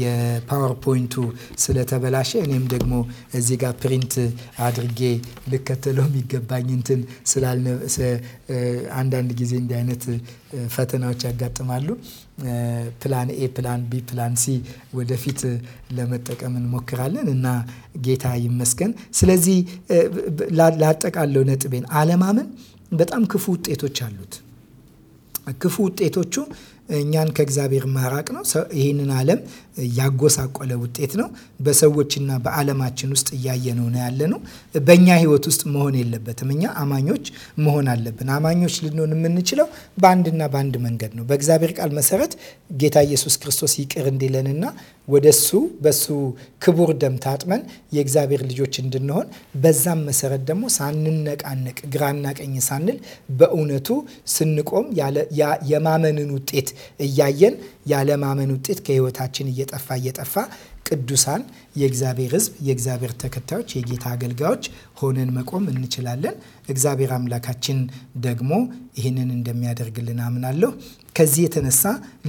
የፓወርፖይንቱ ስለተበላሸ እኔም ደግሞ እዚህ ጋር ፕሪንት አድርጌ ልከተለው የሚገባኝን እንትን ስላልነ አንዳንድ ጊዜ እንዲህ አይነት ፈተናዎች ያጋጥማሉ። ፕላን ኤ፣ ፕላን ቢ፣ ፕላን ሲ ወደፊት ለመጠቀም እንሞክራለን እና ጌታ ይመስገን። ስለዚህ ላጠቃለው ነጥቤን አለማመን በጣም ክፉ ውጤቶች አሉት። ክፉ ውጤቶቹ እኛን ከእግዚአብሔር ማራቅ ነው። ይህንን ዓለም ያጎሳቆለ ውጤት ነው። በሰዎችና በዓለማችን ውስጥ እያየነው ነው ነው። በእኛ ህይወት ውስጥ መሆን የለበትም። እኛ አማኞች መሆን አለብን። አማኞች ልንሆን የምንችለው በአንድና በአንድ መንገድ ነው። በእግዚአብሔር ቃል መሰረት ጌታ ኢየሱስ ክርስቶስ ይቅር እንዲለንና ወደሱ በሱ ክቡር ደም ታጥመን የእግዚአብሔር ልጆች እንድንሆን በዛም መሰረት ደግሞ ሳንነቃነቅ ግራና ቀኝ ሳንል በእውነቱ ስንቆም የማመንን ውጤት እያየን ያለማመን ውጤት ከህይወታችን እየ እየጠፋ እየጠፋ ቅዱሳን የእግዚአብሔር ሕዝብ የእግዚአብሔር ተከታዮች የጌታ አገልጋዮች ሆነን መቆም እንችላለን። እግዚአብሔር አምላካችን ደግሞ ይህንን እንደሚያደርግልን አምናለሁ። ከዚህ የተነሳ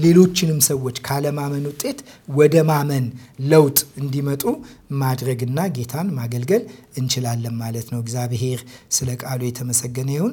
ሌሎችንም ሰዎች ካለማመን ውጤት ወደ ማመን ለውጥ እንዲመጡ ማድረግና ጌታን ማገልገል እንችላለን ማለት ነው። እግዚአብሔር ስለ ቃሉ የተመሰገነ ይሁን።